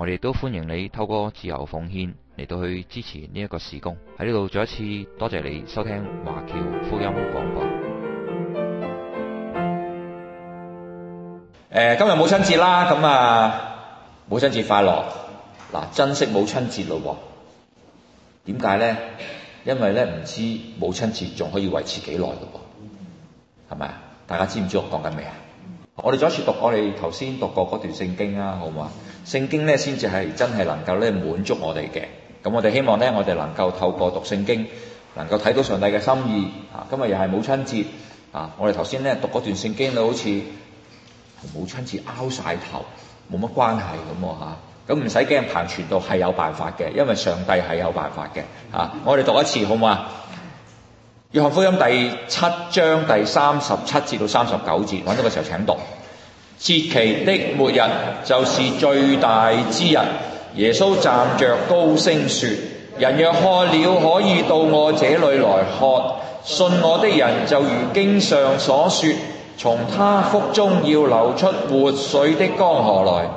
我哋都歡迎你透過自由奉獻嚟到去支持呢一個事工。喺呢度再一次多謝你收聽華僑福音廣播。誒，今日母親節啦，咁啊，母親節快樂！嗱，珍惜母親節咯，點解咧？因為咧唔知母親節仲可以維持幾耐噶喎，係咪？大家知唔知我講緊咩啊？我哋再一次讀，我哋頭先讀過嗰段聖經啦，好唔好？聖經咧先至係真係能夠咧滿足我哋嘅。咁我哋希望咧，我哋能夠透過讀聖經，能夠睇到上帝嘅心意。啊，今日又係母親節啊！我哋頭先咧讀嗰段聖經，好似同母親節拗晒頭，冇乜關係咁啊！咁唔使驚，彭傳道係有辦法嘅，因為上帝係有辦法嘅啊！我哋讀一次，好唔好？《約翰福音》第七章第三十七節到三十九節，搵到個時候請讀。節期的末日就是最大之日。耶穌站着高聲說：人若渴了，可以到我這裏來喝；信我的人就如經上所說，從他腹中要流出活水的江河來。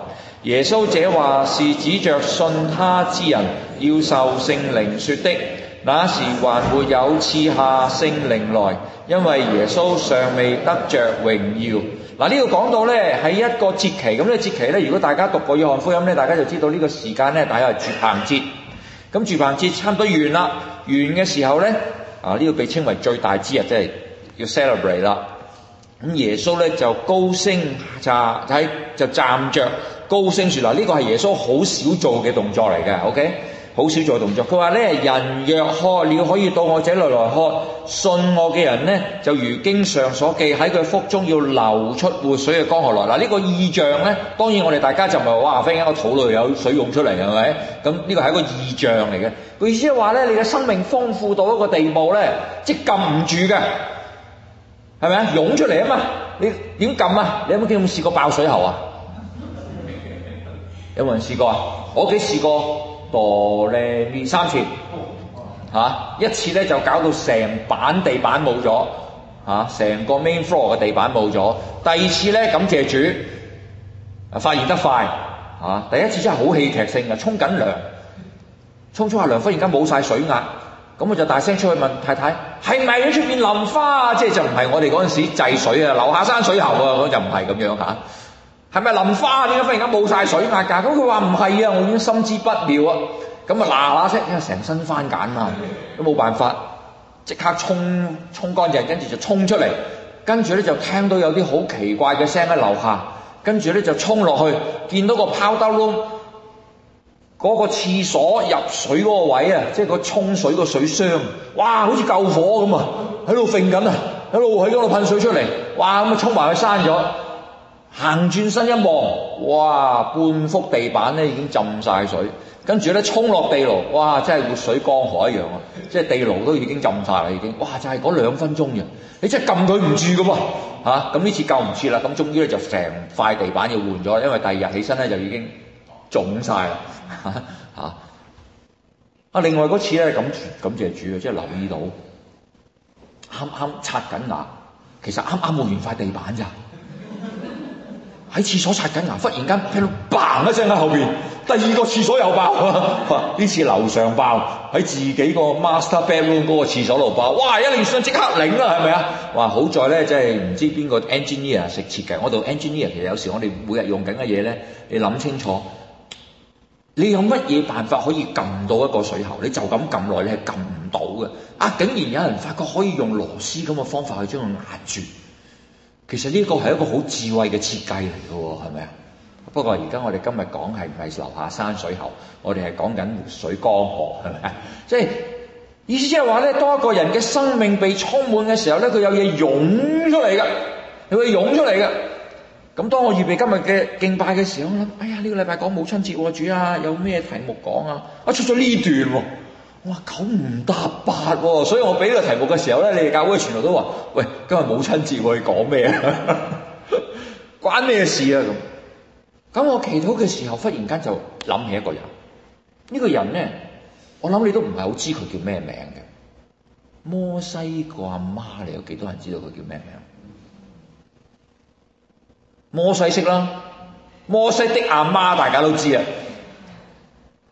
耶穌這話是指着信他之人要受聖靈說的。那時還沒有賜下聖靈來，因為耶穌尚未得着榮耀。嗱、這、呢個講到咧喺一個節期，咁、這、呢個節期咧，如果大家讀過《約翰福音》咧，大家就知道呢個時間咧，大約是住棚節。咁住棚節差唔多完啦，完嘅時候咧，啊、這、呢個被稱為最大之日，即係要 celebrate 啦。咁耶穌咧就高聲站喺，就站着高聲説：嗱，呢個係耶穌好少做嘅動作嚟嘅。OK。好少做動作。佢話咧：人若渴了，可以到我這裏來喝；信我嘅人咧，就如經上所記，喺佢腹中要流出活水嘅江河來。嗱、這個，呢個意象咧，當然我哋大家就唔係話哇，忽然間個肚內有水湧出嚟，係咪？咁、這、呢個係一個意象嚟嘅。佢意思係話咧，你嘅生命豐富到一個地步咧，即係撳唔住嘅，係咪啊？湧出嚟啊嘛，你點撳啊？你有冇見試過爆水喉啊？有冇人試過啊？我幾試過。墮咧，三次嚇、啊，一次咧就搞到成板地板冇咗嚇，成、啊、個 main floor 嘅地板冇咗。第二次咧感謝主、啊，發現得快嚇、啊。第一次真係好戲劇性嘅，沖緊涼，沖沖下涼，忽然間冇晒水壓，咁我就大聲出去問太太，係咪喺出面淋花啊？即係就唔係我哋嗰陣時制水啊，樓下山水喉啊，我就唔係咁樣嚇。係咪淋花？點解忽然間冇晒水壓㗎？咁佢話唔係啊，我已經心知不妙啊！咁啊嗱嗱聲，因為成身番梘啊，都冇辦法，即刻沖沖乾淨，跟住就衝出嚟。跟住咧就聽到有啲好奇怪嘅聲喺樓下，跟住咧就衝落去，見到個 powder room，嗰個廁所入水嗰個位啊，即係個沖水個水箱，哇！好似救火咁啊，喺度揈緊啊，喺度喺度噴水出嚟，哇！咁啊衝埋佢閂咗。行轉身一望，哇！半幅地板咧已經浸晒水，跟住咧沖落地牢，哇！真係活水江河一樣啊！即係地牢都已經浸晒啦，已經哇！就係嗰兩分鐘啫，你真係撳佢唔住噶噃嚇！咁、啊、呢次救唔切啦，咁終於咧就成塊地板要換咗，因為第二日起身咧就已經腫晒啦嚇啊，另外嗰次咧感感謝主啊，即係留意到啱啱刷緊牙，其實啱啱換完塊地板咋。喺廁所刷緊牙，忽然間聽到 bang 一聲喺後邊 第二個廁所又爆，呢次樓上爆喺自己個 master bedroom 個廁所度爆，哇！一連串即刻零啦，係咪啊？哇！好在咧，即係唔知邊個 engineer 識設計，我度 engineer 其實有時我哋每日用緊嘅嘢咧，你諗清楚，你有乜嘢辦法可以撳到一個水喉？你就咁撳耐，你係撳唔到嘅。啊！竟然有人發覺可以用螺絲咁嘅方法去將佢壓住。其實呢個係一個好智慧嘅設計嚟㗎喎，係咪啊？不過而家我哋今日講係唔係留下山水喉，我哋係講緊活水江河，係咪啊？即係意思即係話咧，當一個人嘅生命被充滿嘅時候咧，佢有嘢湧出嚟㗎，佢會湧出嚟㗎。咁當我預備今日嘅敬拜嘅時候，我諗哎呀，呢、這個禮拜講母親節喎，主啊，有咩題目講啊？我出咗呢段喎、啊。哇，九唔搭八喎、啊，所以我俾呢個題目嘅時候咧，你哋教會全部都話：喂，今日母親節喎，我去講咩啊？關咩事啊？咁，咁我祈禱嘅時候，忽然間就諗起一個人。呢、這個人咧，我諗你都唔係好知佢叫咩名嘅。摩西個阿媽，你有幾多人知道佢叫咩名？摩西識啦，摩西的阿媽大家都知啊。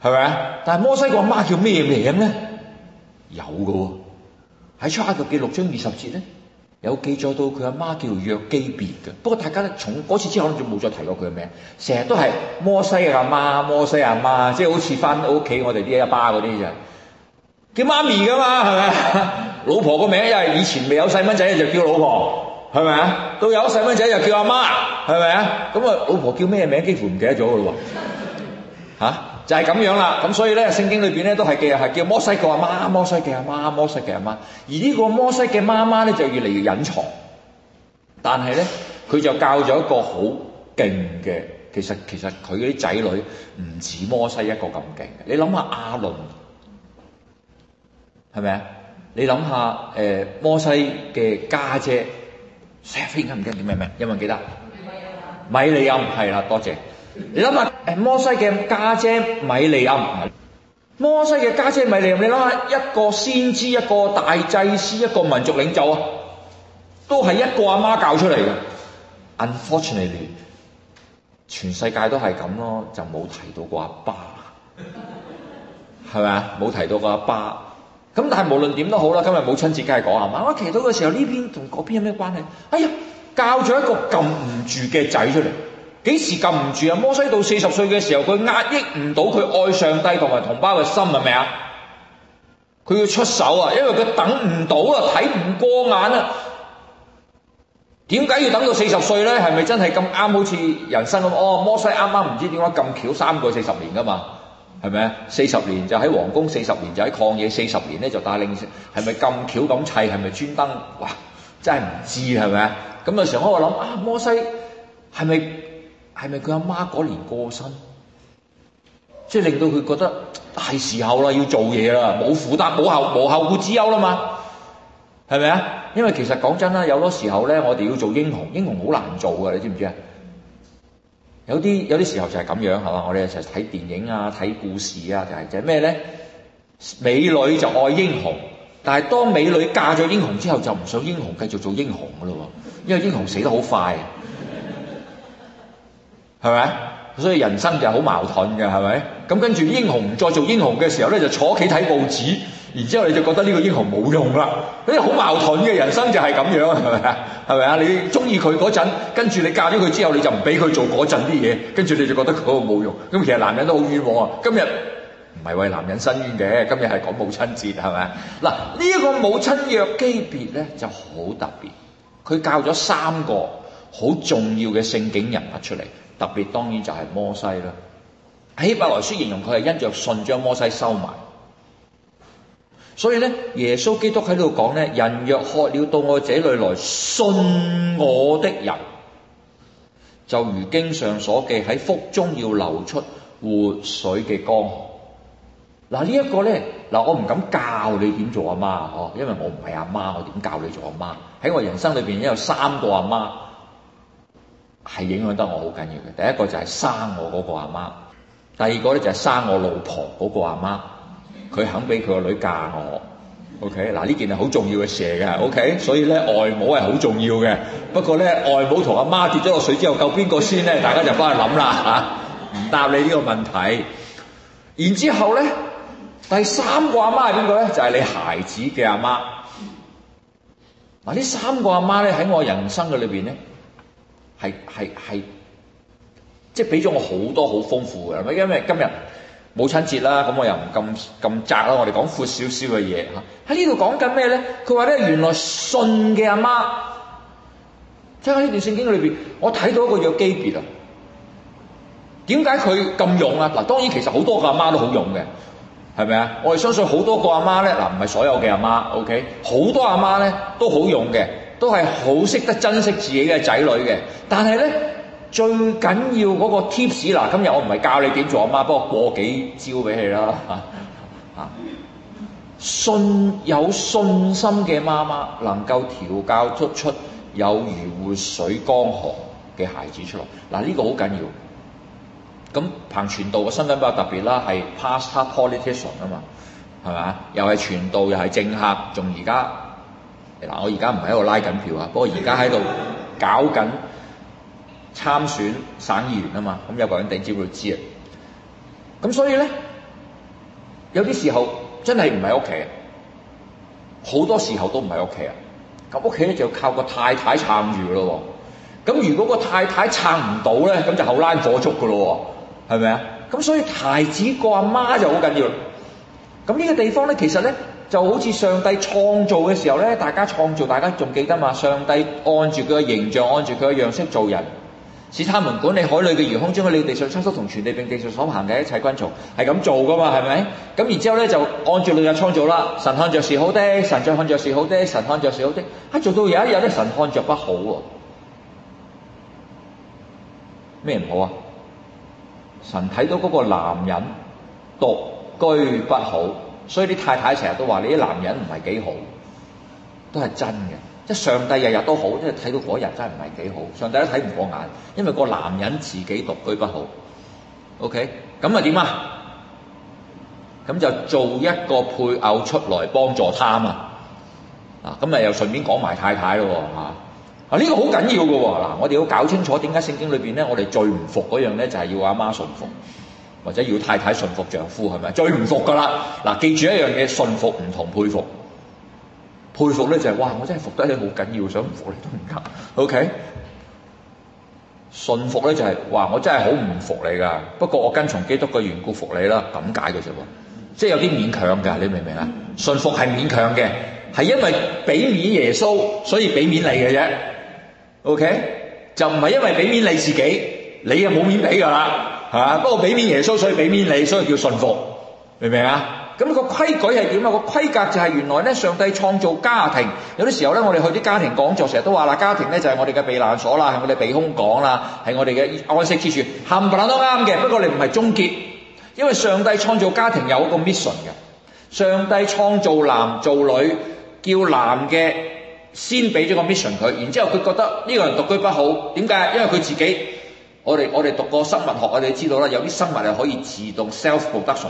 係咪啊？但係摩西個阿媽叫咩名咧？有嘅喎，喺出埃及記六章二十節咧，有記載到佢阿媽叫約基別嘅。不過大家咧，從嗰次之後就冇再提過佢嘅名，成日都係摩西阿媽，摩西阿媽，即係好似翻屋企我哋啲阿爸嗰啲就叫媽咪嘅嘛，係咪啊？老婆個名，因為以前未有細蚊仔就叫老婆，係咪啊？到有細蚊仔就叫阿媽，係咪啊？咁啊，老婆叫咩名幾乎唔記得咗嘅咯喎。嚇，就係咁樣啦。咁所以咧，聖經裏邊咧都係記，係叫摩西嘅阿媽，摩西嘅阿媽，摩西嘅阿媽。而呢個摩西嘅媽媽咧就越嚟越隱藏，但係咧佢就教咗一個好勁嘅。其實其實佢啲仔女唔似摩西一個咁勁。你諗下亞倫，係咪啊？你諗下誒摩西嘅家姐，飛緊唔記得叫咩名？有冇人記得？米利暗係啦，多謝。你諗下。摩西嘅家姐，姐米利暗，摩西嘅家姐，姐米利暗，你諗下，一個先知，一個大祭司，一個民族領袖啊，都係一個阿媽，媽教出嚟嘅。Unfortunately，全世界都係咁咯，就冇提到過阿爸，係咪啊？冇提到過阿爸。咁但係無論點都好啦，今日母親節梗係講阿媽，媽。媽祈禱嘅時候呢邊同嗰邊有咩關係？哎呀，教咗一個禁唔住嘅仔出嚟。幾時撳唔住啊？摩西到四十歲嘅時候，佢壓抑唔到佢愛上帝同埋同胞嘅心，係咪啊？佢要出手啊，因為佢等唔到啊，睇唔過眼啊。點解要等到四十歲呢？係咪真係咁啱？好似人生咁哦，摩西啱啱唔知點解咁巧三個四十年㗎嘛？係咪？四十年就喺皇宮，四十年就喺曠野，四十年呢就帶領，係咪咁巧咁砌？係咪專登？哇！真係唔知係咪啊？咁啊，有時我諗摩西係咪？係咪佢阿媽嗰年過身，即係令到佢覺得係時候啦，要做嘢啦，冇負擔，冇後冇後顧之憂啦嘛？係咪啊？因為其實講真啦，有好多時候咧，我哋要做英雄，英雄好難做噶，你知唔知啊？有啲有啲時候就係咁樣係嘛，我哋一齊睇電影啊，睇故事啊，就係即係咩咧？美女就愛英雄，但係當美女嫁咗英雄之後，就唔想英雄繼續做英雄噶啦喎，因為英雄死得好快。係咪？所以人生就好矛盾嘅，係咪？咁跟住英雄唔再做英雄嘅時候咧，就坐屋企睇報紙，然之後你就覺得呢個英雄冇用啦。呢啲好矛盾嘅人生就係咁樣，係咪啊？係咪啊？你中意佢嗰陣，跟住你嫁咗佢之後，你就唔俾佢做嗰陣啲嘢，跟住你就覺得佢好冇用。咁其實男人都好冤枉啊。今日唔係為男人伸冤嘅，今日係講母親節，係咪嗱，呢、這、一個母親若基別咧就好特別，佢教咗三個好重要嘅聖景人物出嚟。特別當然就係摩西啦，喺希伯來書形容佢係因着信將摩西收埋。所以咧，耶穌基督喺度講咧，人若渴了到我這裏來信我的人，就如經上所記喺腹中要流出活水嘅江。這個」嗱呢一個咧，嗱我唔敢教你點做阿媽哦，因為我唔係阿媽，我點教你做阿媽,媽？喺我人生裏邊，有三個阿媽,媽。係影響得我好緊要嘅。第一個就係生我嗰個阿媽，第二個咧就係生我老婆嗰個阿媽，佢肯俾佢個女嫁我。OK，嗱，呢件係好重要嘅事嘅。OK，所以咧，外母係好重要嘅。不過咧，外母同阿媽跌咗落水之後救邊個先咧？大家就翻去諗啦嚇，唔答你呢個問題。然之後咧，第三個阿媽係邊個咧？就係你孩子嘅阿媽。嗱，呢三個阿媽咧喺我人生嘅裏邊咧。係係係，即係俾咗我好多好豐富嘅。係咪？因為今日母親節啦，咁我又唔咁咁窄啦，我哋講闊少少嘅嘢嚇。喺呢度講緊咩咧？佢話咧，原來信嘅阿媽，即係喺呢段聖經裏邊，我睇到一個約基別啊。點解佢咁勇啊？嗱，當然其實好多個阿媽都好勇嘅，係咪啊？我哋相信好多個阿媽咧，嗱，唔係所有嘅阿媽，OK，好多阿媽咧都好勇嘅。都係好識得珍惜自己嘅仔女嘅，但係咧最緊要嗰個 tips 嗱，今日我唔係教你點做阿媽，不過過幾招俾你啦嚇嚇。信有信心嘅媽媽，能夠調教出出有如活水江河嘅孩子出嚟嗱，呢、啊呢個好緊要。咁彭傳道嘅身份比較特別啦，係 pastor politician 啊嘛，係咪？又係傳道，又係政客，仲而家。嗱，我而家唔喺度拉緊票啊，不過而家喺度搞緊參選省議員啊嘛，咁有個人頂招都知啊。咁所以咧，有啲時候真係唔喺屋企，好多時候都唔喺屋企啊。咁屋企咧就靠個太太撐住咯。咁如果個太太撐唔到咧，咁就後欄火燭噶咯喎，係咪啊？咁所以孩子個阿媽就好緊要。咁呢個地方咧，其實咧。就好似上帝創造嘅時候咧，大家創造，大家仲記得嘛？上帝按住佢嘅形象，按住佢嘅樣式做人，使他們管理海裡嘅魚，空中嘅鳥，地上嘅牲畜同全地並地上所行嘅一切昆蟲，係咁做噶嘛？係咪？咁然之後咧，就按住你哋創造啦。神看著是好啲，神再看著是好啲，神看著是好啲，啊，做到有一日咧，神看著不好喎，啊，咩唔好啊？神睇到嗰個男人獨居不好。所以啲太太成日都話你啲男人唔係幾好，都係真嘅。即係上帝日日都好，即係睇到嗰日真係唔係幾好，上帝都睇唔過眼，因為個男人自己獨居不好。OK，咁啊點啊？咁就做一個配偶出來幫助他嘛。啊，咁啊又順便講埋太太咯喎、啊。啊，呢、呢個好緊要嘅喎、啊。嗱，我哋要搞清楚點解聖經裏邊咧，我哋最唔服嗰樣咧，就係要阿媽順服。或者要太太順服丈夫係咪？最唔服噶啦！嗱，啊，記住一樣嘢，順服唔同佩服。佩服咧就係、是、哇，我真係服得你好緊要，想唔服你都唔得。O K，順服咧就係、是、哇，我真係好唔服你噶，不過我跟從基督嘅緣故服你啦，咁解嘅啫。即係有啲勉強噶，你明唔明啊？順服係勉強嘅，係因為俾面耶穌，所以俾面你嘅啫。O、okay? K，就唔係因為俾面你自己，你又冇面俾噶啦。嚇！不過俾面耶穌，所以俾面你，所以叫順服，明唔明啊？咁個規矩係點啊？個規格就係原來咧，上帝創造家庭。有啲時候咧，我哋去啲家庭講座，成日都話啦，家庭咧就係我哋嘅避難所啦，係我哋避風港啦，係我哋嘅安息之處。冚唪唥都啱嘅，不過你唔係終結，因為上帝創造家庭有一個 mission 嘅。上帝創造男做女，叫男嘅先俾咗個 mission 佢，然之後佢覺得呢個人獨居不好，點解？因為佢自己。我哋我哋讀過生物學，我哋知道啦。有啲生物係可以自動 self-production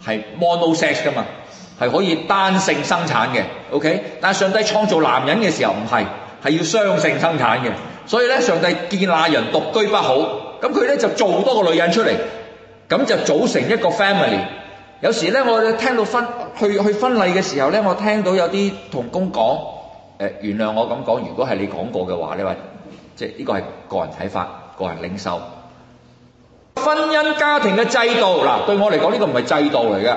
係 monosex 㗎嘛，係可以單性生產嘅。OK，但係上帝創造男人嘅時候唔係，係要雙性生產嘅，所以咧上帝見那人獨居不好，咁佢咧就做多個女人出嚟，咁就組成一個 family。有時咧我聽到婚去去婚禮嘅時候咧，我聽到有啲同工講誒、呃，原諒我咁講，如果係你講過嘅話，你話即係呢、這個係個人睇法。個人領袖，婚姻家庭嘅制度嗱，對我嚟講呢個唔係制度嚟嘅，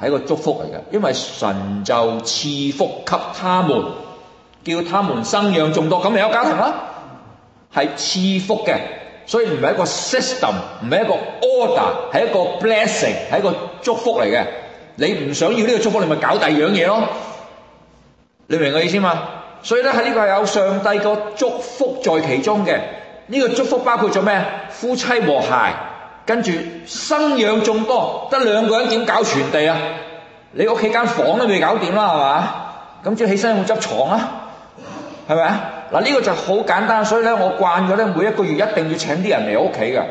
係一個祝福嚟嘅。因為神就賜福給他們，叫他們生養眾多，咁你有家庭啦，啊，係賜福嘅。所以唔係一個 system，唔係一個 order，係一個 blessing，係一個祝福嚟嘅。你唔想要呢個祝福，你咪搞第二樣嘢咯。你明我意思嘛？所以咧喺呢個係有上帝個祝福在其中嘅。呢個祝福包括做咩？夫妻和諧，跟住生養眾多，得兩個人點搞全地啊？你屋企間房都未搞掂啦，係嘛？咁即係起身去執床啊？係咪啊？嗱、這、呢個就好簡單，所以呢我慣咗呢，每一個月一定要請啲人嚟屋企嘅。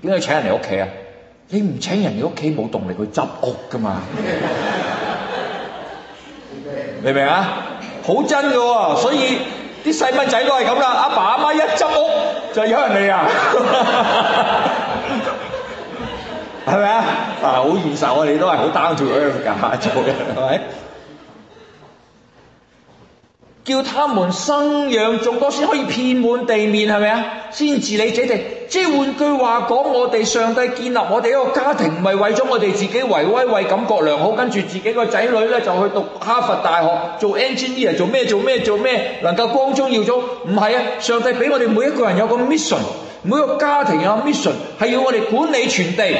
點解要請人嚟屋企啊？你唔請人，你屋企冇動力去執屋㗎嘛？明唔明啊？好真嘅喎、哦，所以。啲細蚊仔都係咁啦，阿爸阿媽一執屋就有人嚟啊，係咪啊？ 好現實啊，你都係好 down to earth 做嘅，係咪？叫他們生養眾多，先可以遍滿地面，係咪啊？先治理這地。即換句話講，我哋上帝建立我哋一個家庭，唔係為咗我哋自己威威威感覺良好，跟住自己個仔女呢就去讀哈佛大學做 engineer，做咩做咩做咩，能夠光宗耀祖。唔係啊，上帝俾我哋每一個人有個 mission，每個家庭有個 mission，係要我哋管理全地。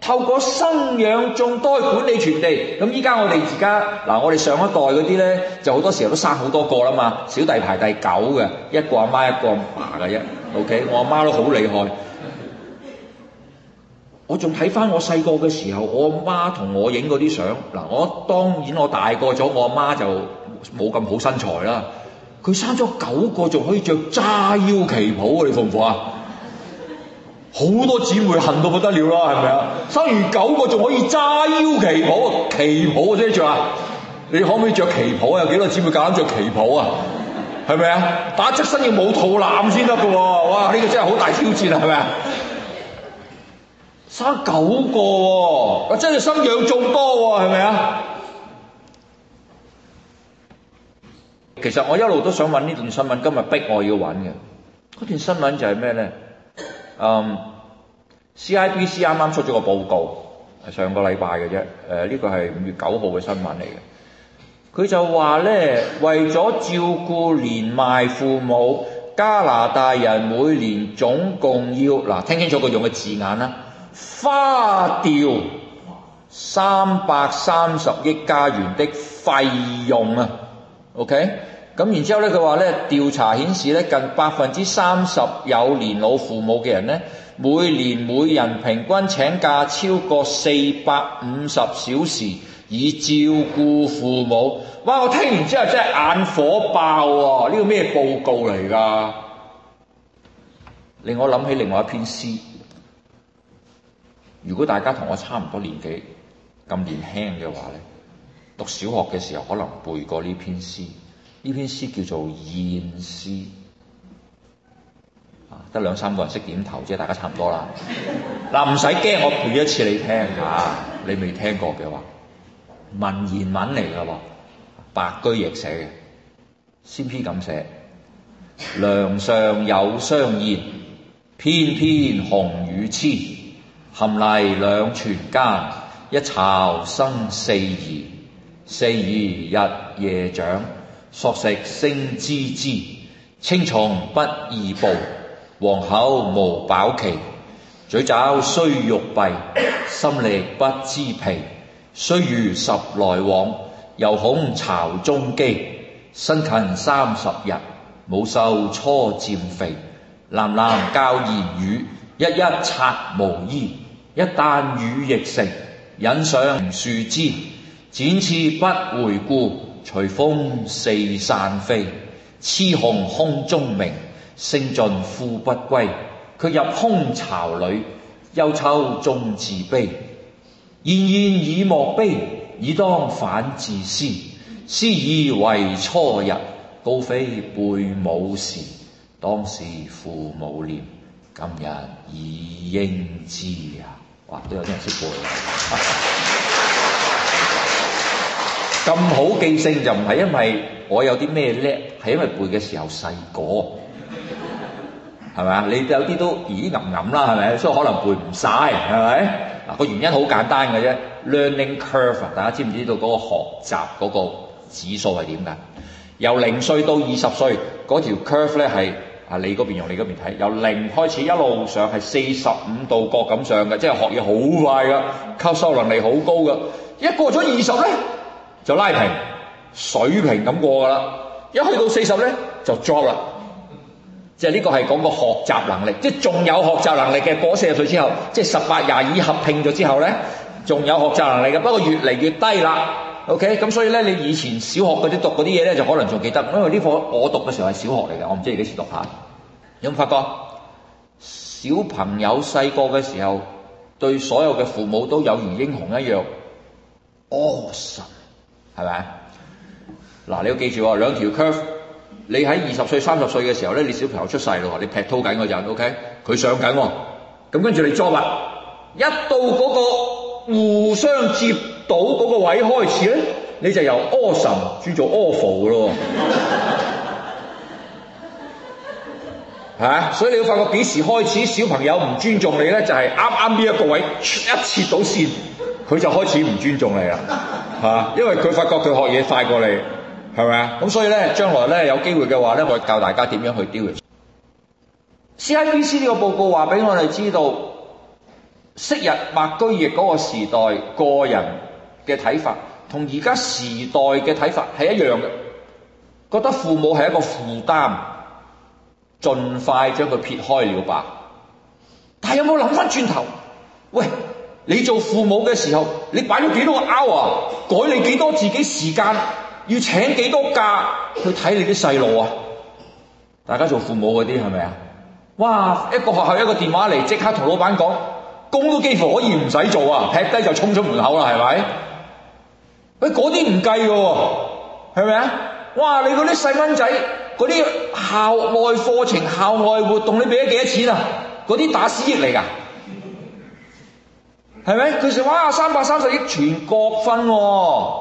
透過生養眾多管理全地，咁依家我哋而家嗱，我哋上一代嗰啲咧，就好多時候都生好多個啦嘛，小弟排第九嘅，一個阿媽，媽一個阿爸嘅啫。OK，我阿媽都好厲害，我仲睇翻我細個嘅時候，我阿媽同我影嗰啲相嗱，我當然我大個咗，我阿媽就冇咁好身材啦，佢生咗九個仲可以着紮腰旗袍，你服唔服啊？好多姊妹恨到不得了啦，係咪啊？生完九個仲可以揸腰旗袍旗袍嘅啫，着啊！你可唔可以着旗袍啊？有幾多姊妹夠膽着旗袍啊？係咪啊？打側身要冇肚腩先得嘅喎，哇！呢、這個真係好大挑戰啊，係咪啊？生九個喎，真係生養眾多喎，係咪啊？其實我一路都想揾呢段新聞，今日逼我要揾嘅嗰段新聞就係咩咧？嗯、um，CIBC 啱啱出咗個報告，上個禮拜嘅啫。誒、呃，這個、呢個係五月九號嘅新聞嚟嘅。佢就話呢，為咗照顧年邁父母，加拿大人每年總共要嗱，聽清楚佢用嘅字眼啦，花掉三百三十億加元的費用啊，OK？咁然之後咧，佢話咧調查顯示咧，近百分之三十有年老父母嘅人咧，每年每人平均請假超過四百五十小時以照顧父母。哇！我聽完之後真係眼火爆喎啊。呢個咩報告嚟㗎？令我諗起另外一篇詩。如果大家同我差唔多年紀咁年輕嘅話咧，讀小學嘅時候可能背過呢篇詩。呢篇詩叫做《燕詩》啊，得兩三個人識點頭啫，大家差唔多啦。嗱、 啊，唔使驚，我背一次你聽下、啊。你未聽過嘅話文言文嚟噶喎，白居易寫嘅，先篇咁寫。梁上有雙燕，翩翩雄與雌，銜泥兩椽間，一巢生四兒，四兒日夜長。索食聲孜孜，青蟲不易捕。黃口無飽期，嘴爪雖欲閉，心力不知疲。須臾十來往，猶恐巢中飢。辛勤三十日，母瘦雛漸肥。喃喃教言語，一一刷毛衣。一旦羽翼成，引上樹枝，展翅不回顧。隨風四散飛，雌雄空中鳴。聲盡父不歸，却入空巢裏。憂愁終自悲，燕燕以莫悲，以當反自思。思以為初日高飛背母時，當時父母念，今日已應知呀！哇，都有啲人識背。啊咁好記性就唔係因為我有啲咩叻，係因為背嘅時候細個，係咪啊？你有啲都咦吟吟啦，係咪？所以可能背唔晒，係咪？嗱個原因好簡單嘅啫。Learning curve，大家知唔知道嗰個學習嗰個指數係點㗎？由零歲到二十歲嗰條 curve 咧係啊，你嗰邊用你嗰邊睇，由零開始一路上係四十五度角咁上嘅，即係學嘢好快㗎，吸收能力好高㗎，一過咗二十咧。就拉平水平咁過㗎啦。一去到四十咧就 drop 啦，即係呢個係講個學習能力。即係仲有學習能力嘅過咗四十歲之後，即係十八廿二合拼咗之後咧，仲有學習能力嘅。不過越嚟越低啦。OK，咁所以咧，你以前小學嗰啲讀嗰啲嘢咧，就可能仲記得，因為呢課我讀嘅時候係小學嚟嘅，我唔知你幾時讀下。有冇發覺小朋友細個嘅時候對所有嘅父母都有如英雄一樣阿神。Awesome. 係咪？嗱，你要記住，兩條 curve，你喺二十歲、三十歲嘅時候咧，你小朋友出世啦，你劈濤緊嗰陣，OK，佢上緊喎，咁跟住你捉啦，一到嗰個互相接到嗰個位開始咧，你就由 awesome 轉做 awful 咯，吓， 所以你要發覺幾時開始小朋友唔尊重你咧，就係啱啱呢一個位一切到線，佢就開始唔尊重你啦。嚇、啊，因為佢發覺佢學嘢快過你，係咪啊？咁所以咧，將來咧有機會嘅話咧，我教大家點樣去丟佢。CIPC 呢個報告話俾我哋知道，昔日白居易嗰個時代個人嘅睇法，同而家時代嘅睇法係一樣嘅，覺得父母係一個負擔，盡快將佢撇開了吧？但係有冇諗翻轉頭？喂！你做父母嘅時候，你擺咗幾多個鐘啊？改你幾多自己時間？要請幾多假去睇你啲細路啊？大家做父母嗰啲係咪啊？哇！一個學校一個電話嚟，即刻同老闆講，工都幾乎可以唔使做啊！劈低就衝出門口啦，係咪？誒，嗰啲唔計嘅喎，係咪啊？哇！你嗰啲細蚊仔，嗰啲校外課程、校外活動，你俾咗幾多錢啊？嗰啲打死翼嚟㗎。係咪？佢成哇三百三十億全國分喎，啊，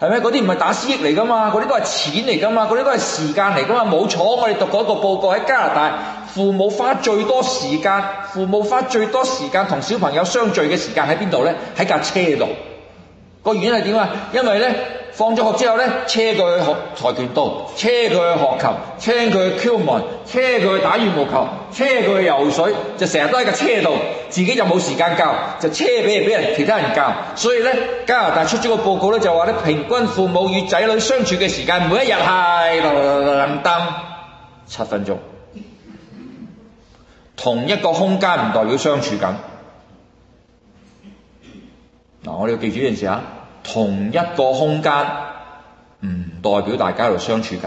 係咪？嗰啲唔係打私益嚟㗎嘛，嗰啲都係錢嚟㗎嘛，嗰啲都係時間嚟㗎嘛。冇錯，我哋讀過一個報告喺加拿大，父母花最多時間，父母花最多時間同小朋友相聚嘅時間喺邊度呢？喺架車度。個原因係點啊？因為呢。放咗學之後呢，車佢去學跆拳道，車佢去學球，車佢去 Kumon，車佢去打羽毛球，車佢去游水，就成日都喺架車度，自己就冇時間教，就車俾人俾人其他人教。所以呢，加拿大出咗個報告咧，就話呢，平均父母與仔女相處嘅時間，每一日係噔噔七分鐘。同一個空間唔代表相處緊。嗱，我哋要記住呢件事啊。同一個空間唔代表大家喺度相處緊，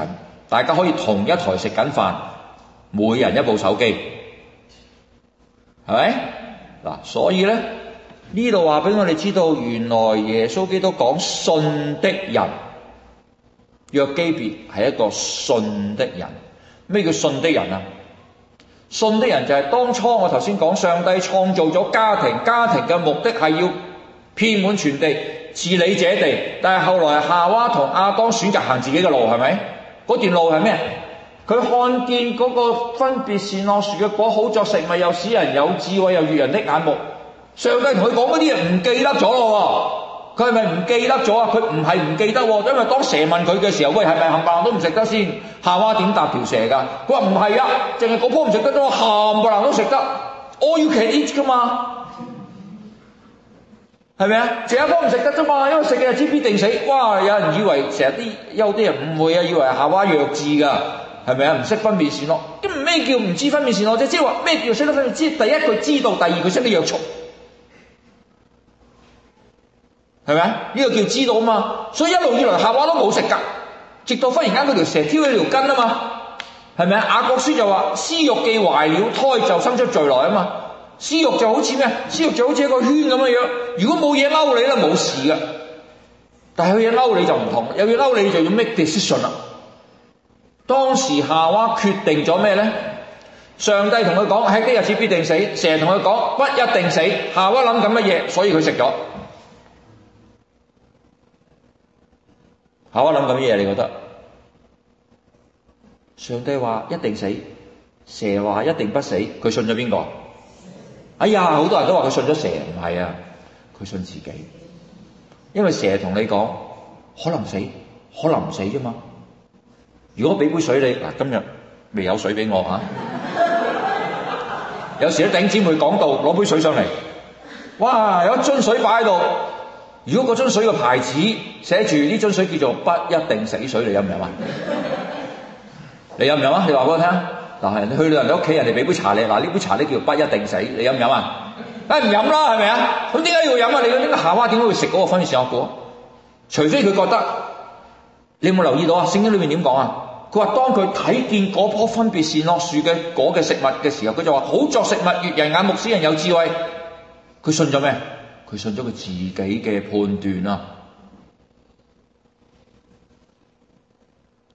大家可以同一台食緊飯，每人一部手機，係咪嗱？所以呢，呢度話俾我哋知道，原來耶穌基督講信的人，約基別係一個信的人。咩叫信的人啊？信的人就係當初我頭先講上帝創造咗家庭，家庭嘅目的係要遍滿全地。治理者地，但係後來夏娃同亞當選擇行自己嘅路，係咪？嗰段路係咩？佢看見嗰個分別善惡樹嘅果好作食物，咪又使人有智慧，又悅人的眼目。上帝同佢講嗰啲嘢唔記得咗咯，佢係咪唔記得咗啊？佢唔係唔記得，因為當蛇問佢嘅時候，喂，係咪冚唪唥都唔食得先？夏娃點答條蛇噶？佢話唔係啊，淨係嗰棵唔食得，我冚唪唥都食得。All you can eat 嘛？係咪啊？食阿哥唔食得啫嘛，因為食嘅就知必定死。哇！有人以為成日啲有啲人誤會啊，以為夏娃弱智噶，係咪啊？唔識分辨善惡。咁咩叫唔知分辨善惡？即係即係話咩叫識得分辨？即係第一佢知道，第二佢識得約束，係咪？呢個叫知道啊嘛。所以一路以來夏娃都冇食噶，直到忽然間嗰條蛇挑起條筋啊嘛，係咪啊？雅各書就話：私慾既懷了胎，就生出罪來啊嘛。私欲就好似咩？私欲就好似一個圈咁樣。如果冇嘢嬲你咧，冇事㗎。但係有嘢嬲你就唔同，有嘢嬲你就要 make decision 啦。當時夏娃決定咗咩咧？上帝同佢講食嘅日子必定死，蛇同佢講不一定死。夏娃諗緊乜嘢？所以佢食咗。夏娃諗緊乜嘢？你覺得？上帝話一定死，蛇話一定不死，佢信咗邊個？哎呀，好多人都話佢信咗蛇，唔係啊，佢信自己，因為蛇同你講可能死，可能唔死啫嘛。如果俾杯水你，嗱，今日未有水俾我嚇。啊、 有時咧頂姊妹講道攞杯水上嚟，哇有一樽水擺喺度，如果個樽水嘅牌子寫住呢樽水叫做不一定死水，你飲唔飲啊？你飲唔飲啊？你話俾我聽。但係你去到人哋屋企，人哋俾杯茶你。嗱，呢杯茶呢叫做不一定死，你飲唔飲啊？唉，唔飲啦，係咪啊？咁點解要飲啊？你呢個夏娃點解會食嗰個分別善惡果？除非佢覺得，你有冇留意到啊？聖經裏面點講啊？佢話當佢睇見嗰棵分別善惡樹嘅果嘅食物嘅時候，佢就話好作食物，悅人眼目，使人有智慧。佢信咗咩？佢信咗佢自己嘅判斷啦、啊。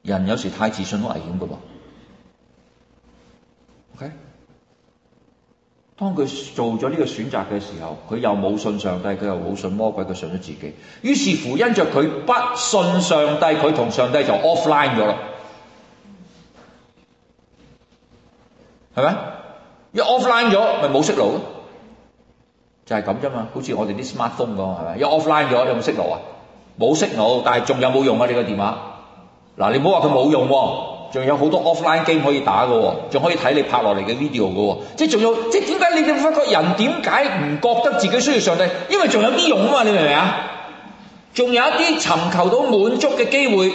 人有時太自信都危險噶噃。當佢做咗呢個選擇嘅時候，佢又冇信上帝，佢又冇信魔鬼，佢信咗自己。於是乎，因着佢不信上帝，佢同上帝就 offline 咗啦，係咪？一 offline 咗，咪冇識路咯，就係咁啫嘛。好似我哋啲 smartphone 咁，係咪？一 offline 咗，你有冇識路啊？冇識路，但係仲有冇用啊？你個電話嗱，你唔好話佢冇用喎、啊。仲有好多 offline game 可以打嘅、哦，仲可以睇你拍落嚟嘅 video 嘅、哦，即係仲有，即係點解你哋發覺人點解唔覺得自己需要上帝？因為仲有啲用啊嘛，你明唔明啊？仲有一啲尋求到滿足嘅機會。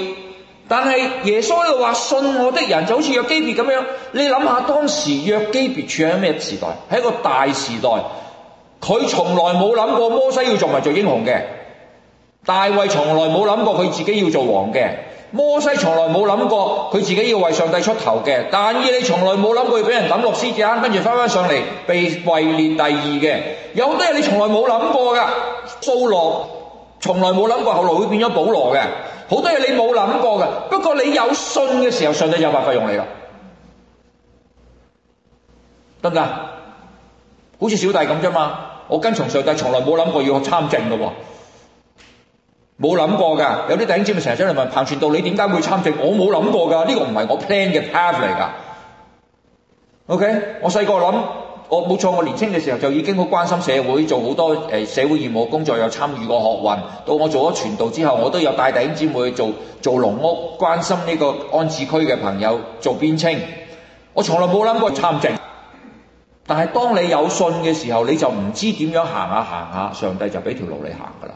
但係耶穌喺度話：信我的人就好似約基別咁樣，你諗下當時約基別處喺咩時代？係一個大時代。佢從來冇諗過摩西要做埋做英雄嘅，大衛從來冇諗過佢自己要做王嘅。摩西從來冇諗過佢自己要為上帝出頭嘅，但以理從來冇諗過要俾人抌落獅子坑，跟住翻返上嚟被位列第二嘅。有好多嘢你從來冇諗過㗎，掃羅從來冇諗過後來會變咗保羅嘅。好多嘢你冇諗過㗎，不過你有信嘅時候，上帝有辦法用你啦，得唔得？好似小弟咁啫嘛，我跟從上帝，從來冇諗過要參政㗎喎。冇諗過㗎，有啲弟兄姊妹成日出嚟問彭傳道：你點解會參政？我冇諗過㗎，呢、這個唔係我 plan 嘅 path 嚟㗎。OK，我細個諗，我冇錯，我年青嘅時候就已經好關心社會，做好多誒社會業務工作，又參與過學運。到我做咗傳道之後，我都有帶弟兄姊妹去做做農屋，關心呢個安置區嘅朋友做邊青。我從來冇諗過參政，但係當你有信嘅時候，你就唔知點樣行下、啊、行下、啊，上帝就俾條路你行㗎啦。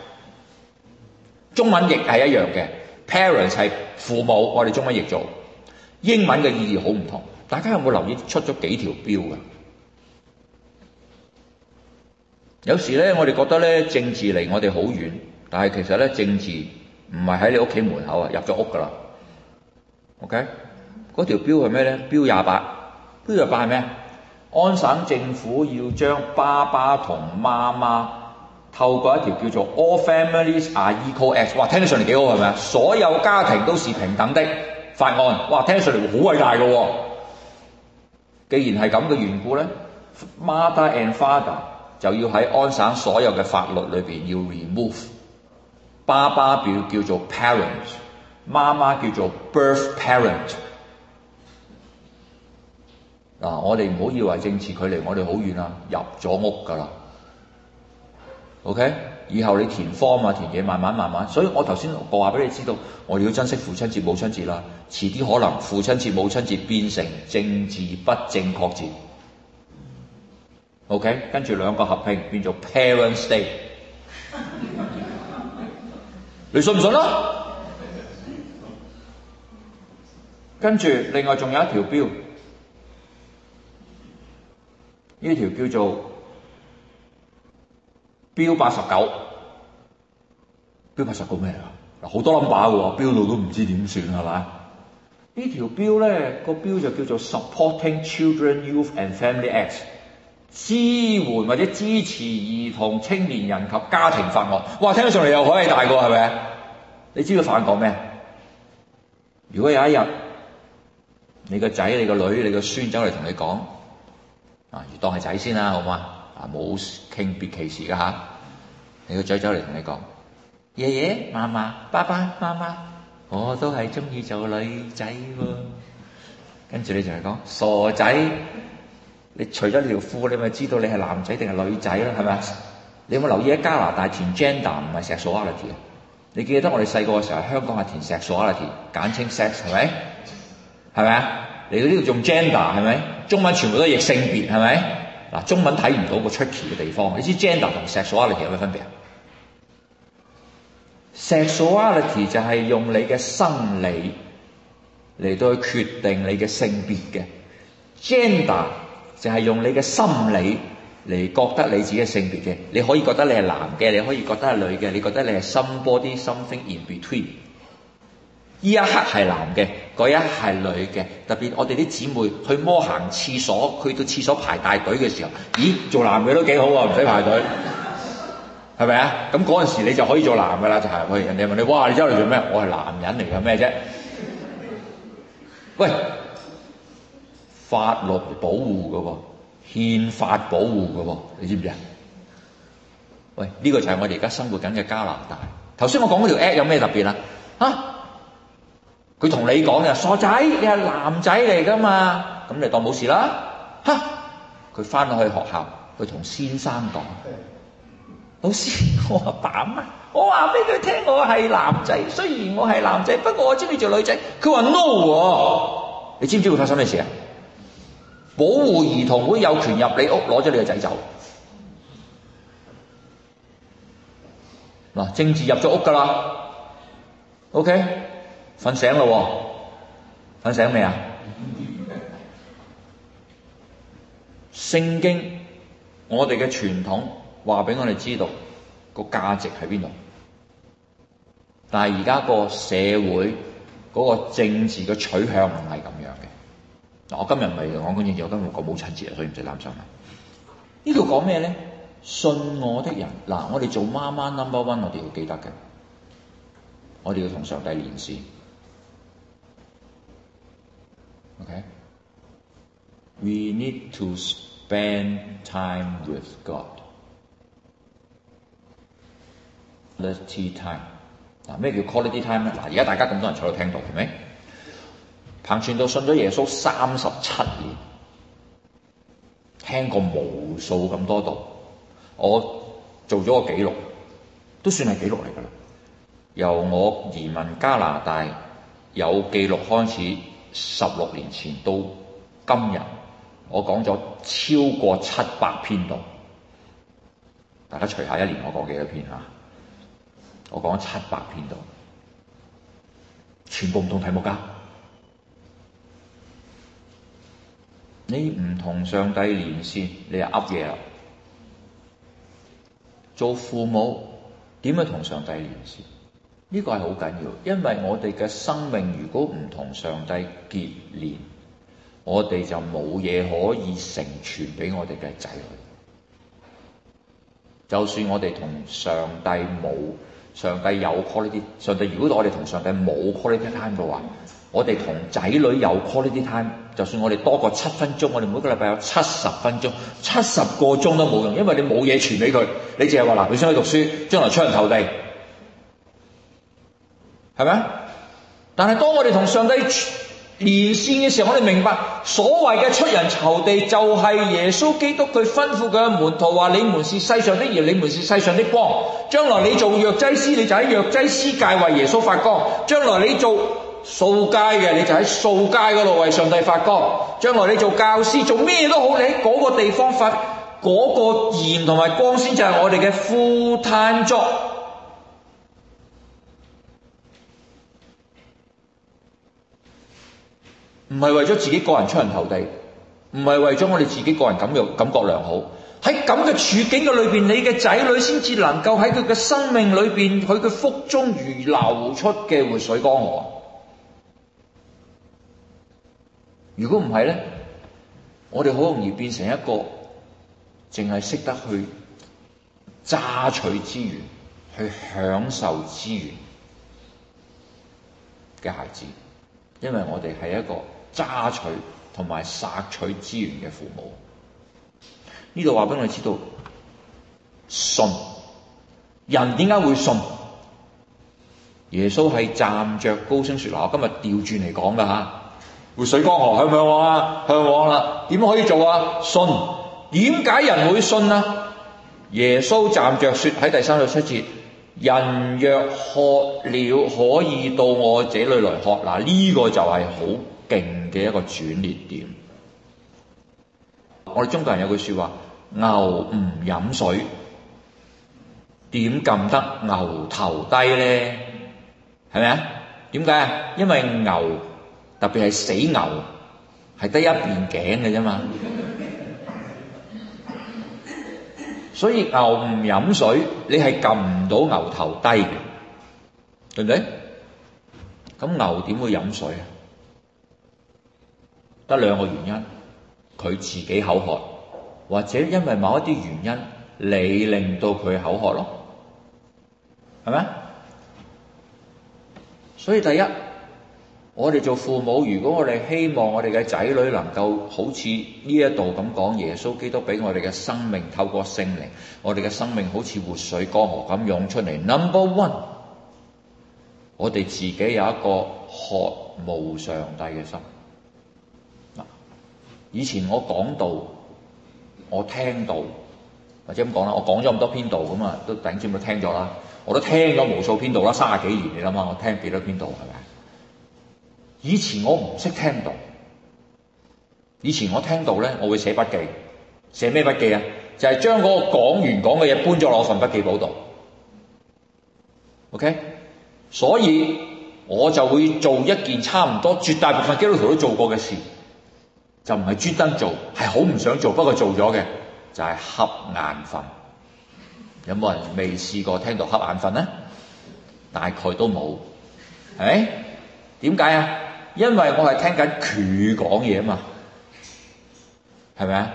中文譯係一樣嘅，parents 係父母，我哋中文譯做英文嘅意義好唔同。大家有冇留意出咗幾條標㗎？有時咧，我哋覺得咧政治離我哋好遠，但係其實咧政治唔係喺你屋企門口啊，入咗屋㗎啦。OK，嗰條標係咩咧？標廿八，標廿八係咩啊？安省政府要將爸爸同媽媽。透過一條叫做 All Families Are Equal Act，哇，聽上嚟幾好係咪？所有家庭都是平等的法案，哇，聽上嚟好偉大噶喎！既然係咁嘅緣故呢 Mother and Father 就要喺安省所有嘅法律裏面要 remove 爸爸，比如叫做 Parent，媽媽叫做 Birth Parent。嗱，我哋唔好以為政治距離我哋好遠啊，入咗屋㗎啦！OK，以後你填 form 啊，填嘢慢慢慢慢，所以我頭先我話畀你知道，我哋要珍惜父親節、母親節啦。遲啲可能父親節、母親節變成政治不正確節。OK，跟住兩個合併變做 Parents Day， 你信唔信啊？跟住另外仲有一條標，呢條叫做。標八十九，標八十九咩啊？嗱，好多 number 嘅喎，標到都唔知點算係咪？呢條標咧，個標就叫做 Supporting Children, Youth and Family Act，支援或者支持兒童、青年人及家庭法案。哇，聽上嚟，又可以大個係咪？你知道法案講咩？如果有一日你個仔、你個女、你個孫走嚟同你講，啊，當係仔先啦，好嘛？冇傾別歧視㗎吓，你個仔走嚟同你講，爺爺、嫲嫲、爸爸、媽媽，我都係中意做女仔喎，啊。 跟住你就係講傻仔，你除咗條褲，你咪知道你係男仔定係女仔啦？係咪？你有冇留意喺加拿大填 gender 唔係 sexuality 啊？你記得我哋細個嘅時候，香港係填 sexuality，簡稱 sex 係咪？係咪啊？嚟到呢度仲 gender 係咪？中文全部都係譯性別係咪？嗱，中文睇唔到個 tricky 嘅地方。你知 gender 同 sexuality 有咩分別啊？Sexuality 就係用你嘅生理嚟到去決定你嘅性別嘅，gender 就係用你嘅心理嚟覺得你自己嘅性別嘅。你可以覺得你係男嘅，你可以覺得係女嘅，你覺得你係 somebody something in between。呢一刻係男嘅，嗰一刻係女嘅。特別我哋啲姊妹去摸行廁所，去到廁所排大隊嘅時候，咦？做男嘅都幾好喎，唔使排隊，係咪啊？咁嗰陣時你就可以做男噶啦，就係、是、喂人哋問你：哇，你走嚟做咩？我係男人嚟㗎咩啫？喂，法律保護嘅喎，憲法保護嘅喎，你知唔知啊？喂，呢、這個就係我哋而家生活緊嘅加拿大。頭先我講嗰條 Act 有咩特別啊？嚇！佢同你講嘅，傻仔，你係男仔嚟噶嘛，咁你當冇事啦。嚇！佢翻到去學校，佢同先生講，老師，我阿爸阿媽，我話俾佢聽，我係男仔。雖然我係男仔，不過我中意做女仔。佢話 no，你知唔知會發生咩事啊？保護兒童會有權入你屋攞咗你個仔走。嗱，政治入咗屋噶啦。OK。瞓醒咯喎，瞓醒未啊？ 聖經，我哋嘅傳統話俾我哋知道個價值喺邊度，但係而家個社會嗰個政治嘅取向唔係咁樣嘅。我今日咪講緊政治，我今日講母親節，所以唔使擔心啦。這裡什麼呢度講咩呢？「信我的人」，嗱，我哋做媽媽 number one，我哋要記得嘅，我哋要同上帝連線。o、okay. k we need to spend time with God. Let's tea time。嗱，咩叫 quality time 咧？嗱，而家大家咁多人坐度聽到，係咪？彭傳道都信咗耶穌三十七年，聽過無數咁多道，我做咗個記錄，都算係記錄嚟噶啦。由我移民加拿大有記錄開始。十六年前到今日，我講咗超過七百篇道。大家除下一年我講幾多篇吓？我講咗講七百篇道，全部唔同題目噶。你唔同上帝連線，你就噏嘢喇！做父母點樣同上帝連線？呢個係好緊要，因為我哋嘅生命如果唔同上帝結連，我哋就冇嘢可以承傳俾我哋嘅仔女。就算我哋同上帝冇，上帝有 quality，上帝如果我哋同上帝冇 quality time 嘅話，我哋同仔女有 quality time，就算我哋多過七分鐘，我哋每個禮拜有七十分鐘、七十個鐘都冇用，因為你冇嘢傳俾佢，你淨係話嗱，你想去讀書，將來出人頭地。係咪？但係當我哋同上帝連線嘅時候，我哋明白所謂嘅出人頭地，就係耶穌基督佢吩咐佢嘅門徒話：你們是世上的鹽，你們是世上的光。將來你做藥劑師，你就喺藥劑師界為耶穌發光；將來你做掃街嘅，你就喺掃街嗰度為上帝發光；將來你做教師，做咩都好，你喺嗰個地方發嗰個鹽同埋光，先就係、是、我哋嘅 full time job。唔係為咗自己個人出人頭地，唔係為咗我哋自己個人感覺感覺良好。喺咁嘅處境嘅裏邊，你嘅仔女先至能夠喺佢嘅生命裏邊，佢嘅腹中如流出嘅活水江河。如果唔係咧，我哋好容易變成一個淨係識得去榨取資源、去享受資源嘅孩子，因為我哋係一個。揸取同埋剷取資源嘅父母，呢度話俾我哋知道信，人點解會信？耶穌係站着高聲説：嗱，我今日調轉嚟講㗎嚇，活水江河向唔向啊？向往啦，啊，點可以做啊？信，點解人會信啊？耶穌站着説喺第三十七節：人若渴了，可以到我這裏來渴。嗱，呢個就係好。勁嘅一個轉捩點。我哋中國人有句説話：牛唔飲水，點撳得牛頭低呢？係咪啊？點解啊？因為牛特別係死牛，係得一邊頸嘅啫嘛。所以牛唔飲水，你係撳唔到牛頭低嘅，對唔對？咁牛點會飲水啊？得兩個原因，佢自己口渴，或者因為某一啲原因，你令到佢口渴咯，係咪？所以第一，我哋做父母，如果我哋希望我哋嘅仔女能夠好似呢一度咁講，耶穌基督俾我哋嘅生命，透過聖靈，我哋嘅生命好似活水江河咁湧出嚟。Number one，我哋自己有一個渴慕上帝嘅心。以前我講到，我聽到或者咁講啦，我講咗咁多篇道咁啊，都等尖都聽咗啦，我都聽咗無數篇道啦，三十幾年你諗下，我聽幾多篇道係咪？以前我唔識聽到，以前我聽到呢，我會寫筆記，寫咩筆記啊？就係、是、將嗰個講完講嘅嘢搬咗落份筆記簿度。OK，所以我就會做一件差唔多絕大部分基督徒都做過嘅事。就唔係專登做，係好唔想做，不過做咗嘅就係、是、瞌眼瞓。有冇人未試過聽到瞌眼瞓咧？大概都冇。誒，點解啊？因為我係聽緊佢講嘢啊嘛，係咪啊？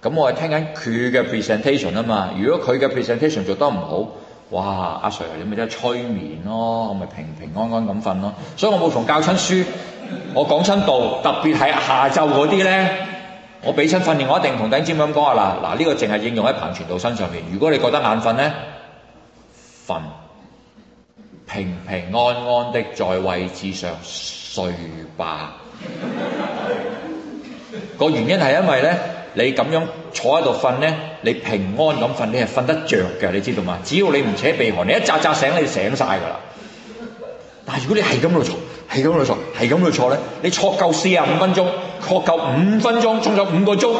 咁我係聽緊佢嘅 presentation 啊嘛。如果佢嘅 presentation 做得唔好，哇！阿 Sir，你咪真係催眠咯，我咪平平安安咁瞓咯。所以我冇同教親書，我講親道，特別係下晝嗰啲咧，我俾親訓練，我一定同頂尖咁講下啦。嗱，呢、啊呢個淨係應用喺彭傳道身上面。如果你覺得眼瞓咧，瞓平平安安的在位置上睡吧。個原因係因為咧。你咁樣坐喺度瞓咧，你平安咁瞓，你係瞓得着嘅，你知道嘛？只要你唔扯鼻鼾，你一扎扎醒，你就醒晒噶啦。但係如果你係咁喺度坐，係咁喺度坐，係咁喺度坐咧，你坐夠四啊五分鐘，坐夠五分鐘，充咗五個鐘，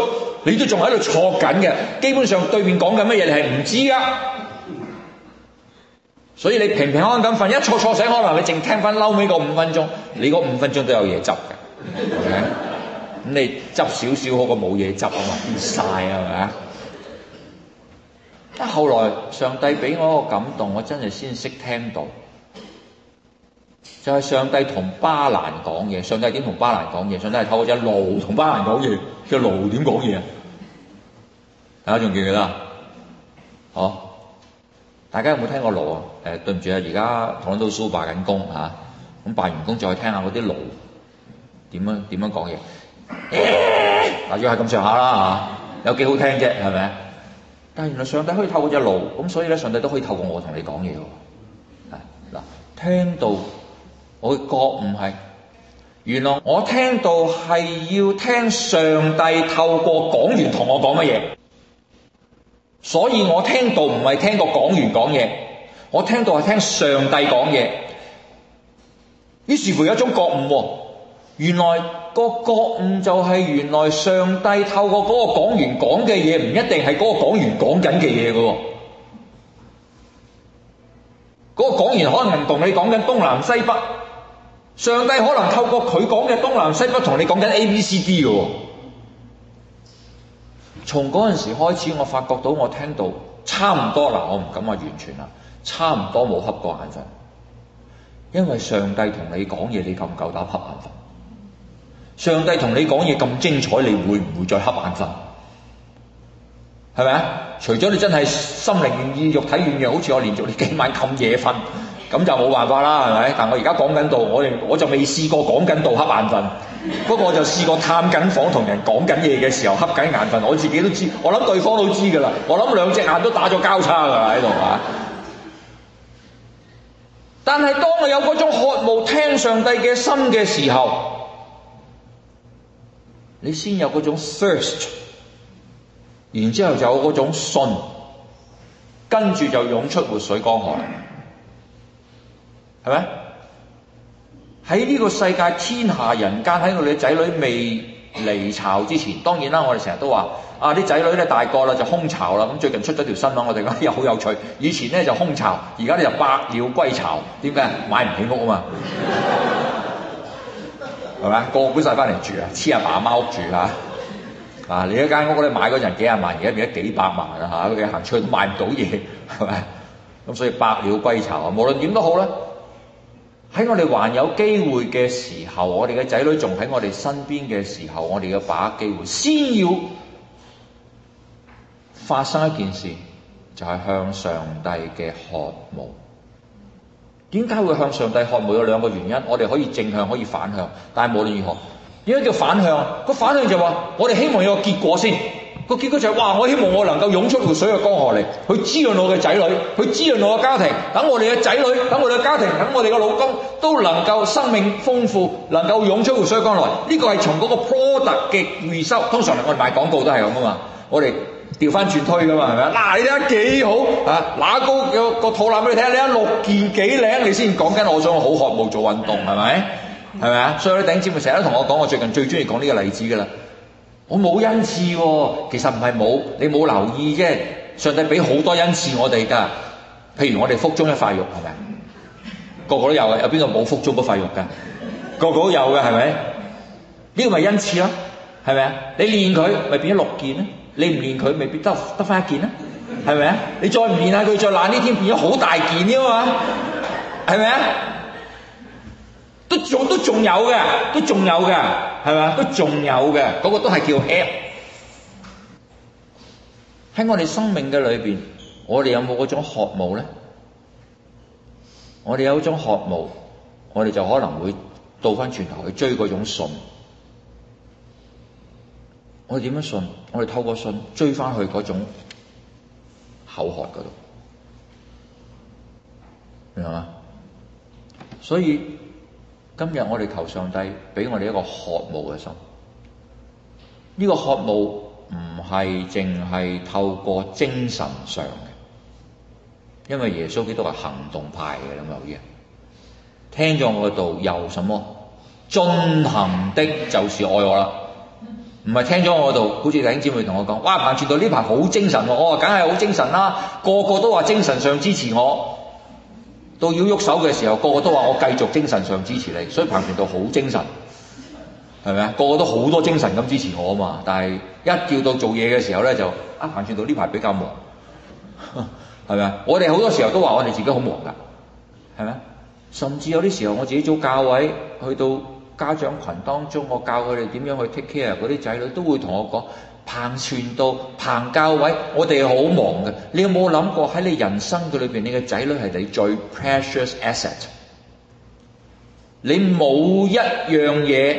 你都仲喺度坐緊嘅，基本上對面講緊乜嘢你係唔知啊。所以你平平安安咁瞓，一坐坐醒，可能你淨聽翻嬲尾嗰五分鐘，你嗰五分鐘都有嘢執嘅。 咁你執少少好過冇嘢執啊嘛，晒啊嘛。但 後來上帝俾我個感動，我真係先識聽到。就係、是、上帝同巴蘭講嘢，上帝點同巴蘭講嘢？上帝係透過隻驢同巴蘭講嘢，隻驢點講嘢啊？大家仲記唔記得啊？好，大家有冇聽過驢啊？誒、欸，對唔住啊，而家講到蘇拜緊工嚇，咁拜完工再聽下嗰啲驢點樣點樣講嘢。嗱，欸、 要係咁上下啦，吓有幾好聽啫，係咪？但係原來上帝可以透過隻路，咁所以咧，上帝都可以透過我同你講嘢喎。嗱，聽到我嘅覺悟係，原來我聽到係要聽上帝透過講員同我講乜嘢，所以我聽到唔係聽個講員講嘢，我聽到係聽上帝講嘢，於是乎有一種覺悟，原來。個覺悟就係原來上帝透過嗰個講員講嘅嘢，唔一定係嗰個講員講緊嘅嘢噶。嗰個講員可能同你講緊東南西北，上帝可能透過佢講嘅東南西北同你講緊 ABCD 噶。從嗰陣時開始，我發覺到我聽到差唔多啦，我唔敢話完全啦，差唔多冇瞌過眼瞓，因為上帝同你講嘢，你夠唔夠膽瞌眼瞓？上帝同你講嘢咁精彩，你會唔會再瞌眼瞓？係咪啊？除咗你真係心靈願意、肉體願意，好似我連續你幾晚咁夜瞓，咁就冇辦法啦，係咪？但我而家講緊度，我我就未試過講緊度瞌眼瞓。不過我就試過探緊房同人講緊嘢嘅時候瞌緊眼瞓，我自己都知，我諗對方都知㗎啦。我諗兩隻眼都打咗交叉㗎喇喺度啊！但係當我有嗰種渴望聽上帝嘅心嘅時候，你先有嗰種 thirst，然之後就有嗰種信，跟住就湧出活水江河，係咪？喺呢個世界天下人間，喺到你仔女未離巢之前，當然啦，我哋成日都話啊啲仔女咧大個啦就空巢啦。咁最近出咗條新聞，我哋講又好有趣。以前咧就空巢，而家咧就百鳥歸巢。點解？買唔起屋啊嘛！ 係咪啊？個個搬曬翻嚟住啊！黐阿爸阿媽屋住嚇。 啊！你一間屋你買嗰陣幾廿萬，而家變咗幾百萬啊！嚇，佢行出去都買唔到嘢，係咪？咁所以百鳥歸巢啊！無論點都好咧，喺我哋還有機會嘅時候，我哋嘅仔女仲喺我哋身邊嘅時候，我哋要把握機會，先要發生一件事，就係、是、向上帝嘅渴望。點解會向上帝渴？沒有兩個原因，我哋可以正向，可以反向。但係無論如何，點樣叫反向？個反向就話，我哋希望有個結果先。個結果就係、是：哇！我希望我能夠湧出活水嘅江河嚟，去滋潤我嘅仔女，去滋潤我嘅家庭。等我哋嘅仔女，等我哋嘅家庭，等我哋嘅老公，都能夠生命豐富，能夠湧出活水江來。呢個係從嗰個 product 嘅回收。通常我哋賣廣告都係咁噶嘛，我哋。調翻轉推㗎嘛，係咪？嗱，你睇下幾好嚇，攬、啊、高個肚腩俾你睇下，你睇六件幾靚，你先講緊我想好渴冇做運動係咪？係咪啊？所以你頂尖咪成日都同我講，我最近最中意講呢個例子㗎啦。我冇恩賜喎、啊，其實唔係冇，你冇留意啫。上帝俾好多恩賜我哋㗎，譬如我哋腹中一塊肉係咪？個個都有嘅，有邊個冇腹中嗰塊肉㗎？個個都有嘅，係咪？呢、呢個咪恩賜啦、啊，係咪啊？你練佢咪變咗六件呢？你唔練佢，未必得得翻一件啦，係咪啊？你再唔練下佢，再爛啲添，變咗好大件啫嘛，係咪啊？都仲都仲有嘅，都仲有嘅，係咪？都仲有嘅，嗰個都係叫 F。喺我哋生命嘅裏邊，我哋有冇嗰種渴慕咧？我哋有種渴慕，我哋就可能會倒翻轉頭去追嗰種信。我哋點樣信？我哋透過信追翻去嗰種口渴嗰度，明白嘛？所以今日我哋求上帝俾我哋一個渴慕嘅心。呢、這個渴慕唔係淨係透過精神上嘅，因為耶穌基督係行動派嘅啦嘛，好啲。聽咗我嘅道又什麼？進行的就是愛我啦。唔係聽咗我度，好似弟兄姊妹同我講，哇，彭傳道呢排好精神喎，啊，我梗係好精神啦，啊，個個都話精神上支持我，到要喐手嘅時候，個個都話我繼續精神上支持你，所以彭傳道好精神，係咪啊？個個都好多精神咁支持我啊嘛，但係一叫到做嘢嘅時候咧，就啊彭傳道呢排比較忙，係咪啊？我哋好多時候都話我哋自己好忙㗎，係咪？甚至有啲時候我自己做教委，去到。家長群當中，我教佢哋點樣去 take care 嗰啲仔女，都會同我講，彭傳道，彭教委，我哋好忙嘅。你有冇諗過喺你人生嘅裏邊，你嘅仔女係你最 precious asset。你冇一樣嘢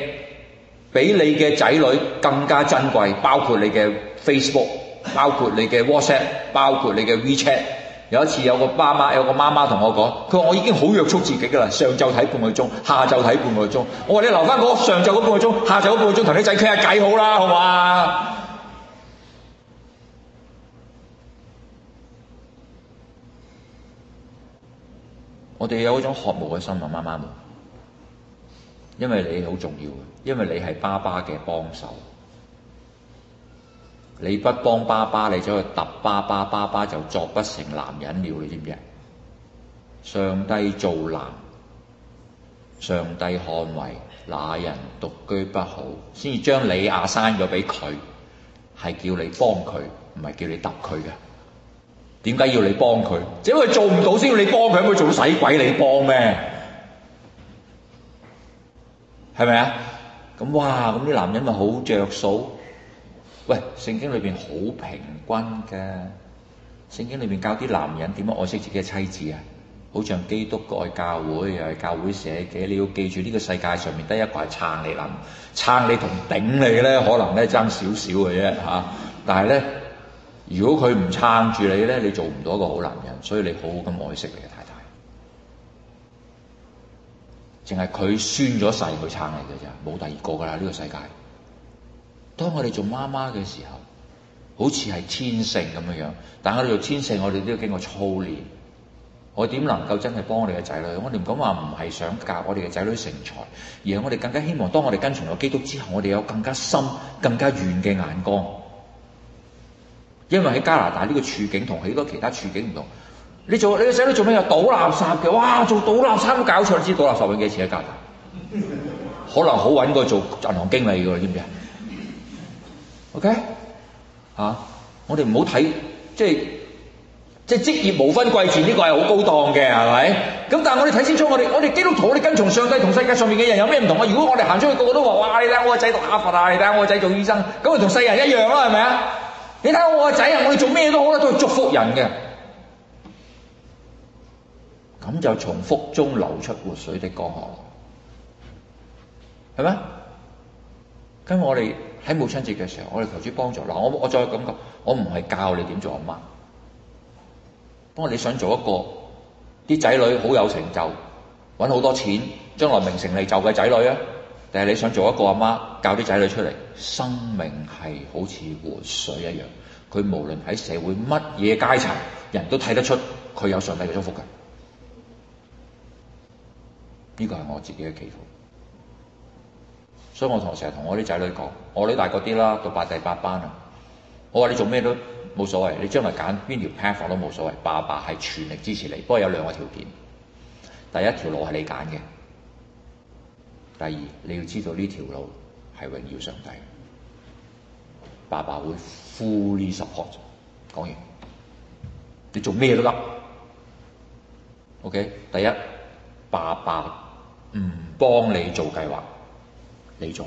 比你嘅仔女更加珍貴，包括你嘅 Facebook，包括你嘅 WhatsApp，包括你嘅 WeChat。有一次有個爸媽，有個媽媽同我講，佢話我已經好約束自己㗎喇，上晝睇半個鐘，下晝睇半個鐘。我話你留返嗰上晝嗰半個鐘，下晝嗰半個鐘同你仔傾下偈好啦，好嘛？我哋有一種渴慕嘅心啊，媽媽們，因為你好重要，因為你係爸爸嘅幫手。你不幫爸爸，你走去揼爸爸，爸爸就作不成男人了，你知唔知？上帝做男，上帝看為那人獨居不好，先至將你亞生咗畀佢，係叫你幫佢，唔係叫你揼佢嘅。點解要你幫佢？只因為做唔到先要你幫佢，佢做使鬼你幫咩？係咪啊？咁哇，咁啲男人咪好着數？喂，聖經裏邊好平均嘅，聖經裏邊教啲男人點樣愛惜自己嘅妻子啊，好像基督愛教會，又係教會社嘅，你要記住呢個世界上面得一個係撐你諗，撐你同頂你咧，可能咧爭少少嘅啫嚇。但係咧，如果佢唔撐住你咧，你做唔到一個好男人，所以你好好咁愛惜你嘅太太，淨係佢宣咗誓去撐你嘅咋，冇第二個㗎啦，呢個世界。當我哋做媽媽嘅時候，好似係天性咁樣樣，但係我哋做天性，我哋都要經過操練。我點能夠真係幫我哋嘅仔女？我哋唔敢話唔係想教我哋嘅仔女成才，而係我哋更加希望，當我哋跟從咗基督之後，我哋有更加深、更加遠嘅眼光。因為喺加拿大呢個處境同好多其他處境唔同，你做你嘅仔女做咩有倒垃圾嘅？哇！做倒垃圾都搞錯，你知倒垃圾揾幾錢喺加拿大？ 可能好揾過做銀行經理嘅，知唔知啊？O K，吓？我哋唔好睇，即係即係職業無分貴賤，呢、這個係好高檔嘅，係咪？咁但係我哋睇清楚我，我哋我哋基督徒，我哋跟從上帝同世界上面嘅人有咩唔同啊？如果我哋行出去個個都話：，哇！你睇我個仔讀哈佛啊，你睇我個仔做醫生，咁啊同、啊啊、世人一樣啦，係咪啊？你睇我個仔啊，我哋做咩都好啦，都係祝福人嘅。咁就從腹中流出活水的江河，係咩？跟我哋。喺母親節嘅時候，我哋求主幫助嗱，我我再咁講，我唔係教你點做阿媽，不過你想做一個啲仔女好有成就、揾好多錢、將來名成利就嘅仔女咧，定係你想做一個阿媽教啲仔女出嚟？生命係好似活水一樣，佢無論喺社會乜嘢階層，人都睇得出佢有上帝嘅祝福嘅。呢個係我自己嘅祈禱。所以我同成日同我啲仔女講，我啲大個啲啦，到八第八班啊。我話你做咩都冇所謂，你將來揀邊條 path 房都冇所謂，爸爸係全力支持你，不過有兩個條件。第一條路係你揀嘅，第二你要知道呢條路係榮耀上帝，爸爸會 fully support。講完，你做咩都得。OK，第一，爸爸唔幫你做計劃。你做，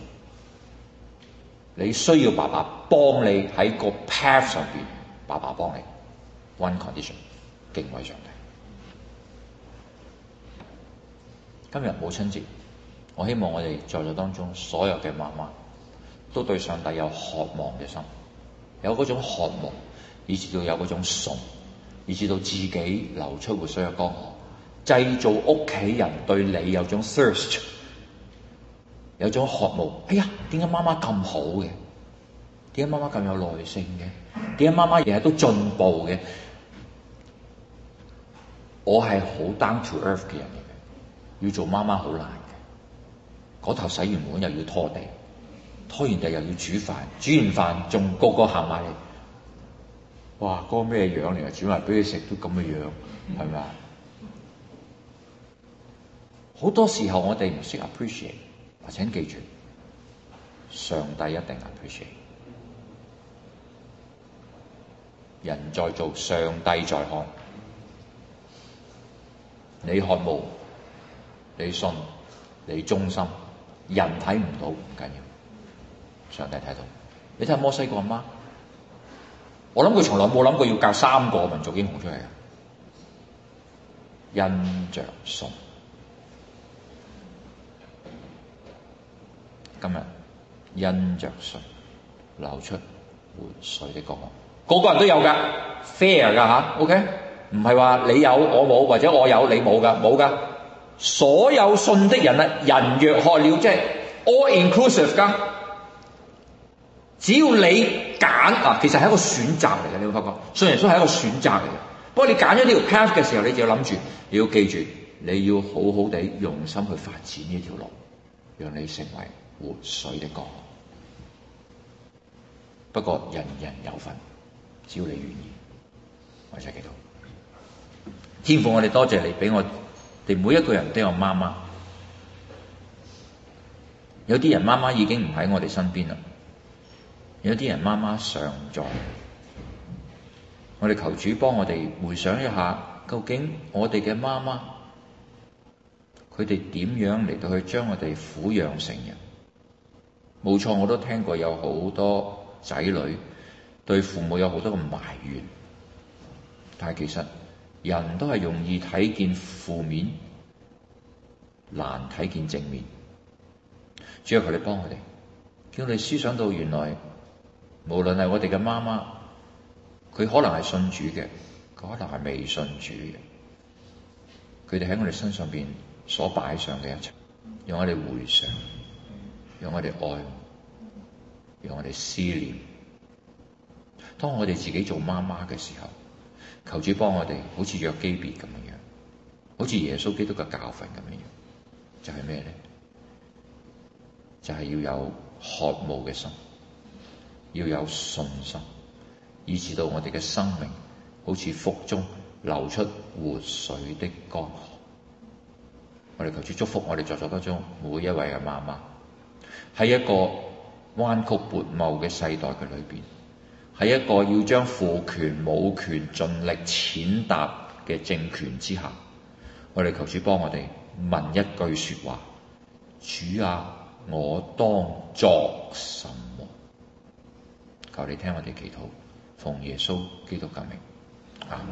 你需要爸爸幫你喺個 path 上邊，爸爸幫你。One condition，敬畏上帝。今日母親節，我希望我哋在座當中所有嘅媽媽都對上帝有渴望嘅心，有嗰種渴望，以至到有嗰種慚，以至到自己流出活水嘅江河，製造屋企人對你有種 thirst。有種渴慕，哎呀，點解媽媽咁好嘅？點解媽媽咁有耐性嘅？點解媽媽日日都進步嘅？我係好 down to earth 嘅人嚟嘅，要做媽媽好難嘅。嗰頭洗完碗又要拖地，拖完地又要煮飯，煮完飯仲個個行埋嚟，哇！嗰個咩樣嚟？煮埋俾你食都咁嘅樣，係咪？好、mm hmm。多時候我哋唔識 appreciate。請記住，上帝一定眼缺蛇。人在做，上帝在看。你渴慕，你信，你忠心，人睇唔到唔緊要，上帝睇到。你睇下摩西個阿媽，媽，我諗佢從來冇諗過要教三個民族英雄出嚟啊！因着信。今日因着信流出活水的江河，個個人都有㗎，fair 㗎吓，OK，唔係話你有我冇，或者我有你冇㗎，冇㗎。所有信的人啊，人若渴了，即係 all inclusive 㗎。只要你揀啊，其實係一個選擇嚟嘅。你會發覺，信耶穌係一個選擇嚟嘅。不過你揀咗呢條 path 嘅時候，你就要諗住，你要記住，你要好好地用心去發展呢條路，讓你成為。活水的江，不過人人有份，只要你願意，我就係祈禱。天父，我哋多謝你俾我哋每一個人都有媽媽。有啲人媽媽已經唔喺我哋身邊啦，有啲人媽媽常在。我哋求主幫我哋回想一下，究竟我哋嘅媽媽，佢哋點樣嚟到去將我哋撫養成人？冇錯，我都聽過有好多仔女對父母有好多嘅埋怨，但係其實人都係容易睇見負面，難睇見正面。主要佢哋幫佢哋，叫我哋思想到原來無論係我哋嘅媽媽，佢可能係信主嘅，佢可能係未信主嘅，佢哋喺我哋身上邊所擺上嘅一切，讓我哋回想。讓我哋愛，讓我哋思念。當我哋自己做媽媽嘅時候，求主幫我哋好似約基別咁樣樣，好似耶穌基督嘅教訓咁樣樣，就係咩呢？就係、是、要有渴慕嘅心，要有信心，以至到我哋嘅生命好似腹中流出活水的江河。我哋求主祝福我哋在座當中每一位嘅媽媽。喺一個彎曲悖謬嘅世代嘅裏邊，喺一個要將父權母權盡力踐踏嘅政權之下，我哋求主幫我哋問一句說話：主啊，我當作什麼？求你聽我哋祈禱，奉耶穌基督革命。」啊！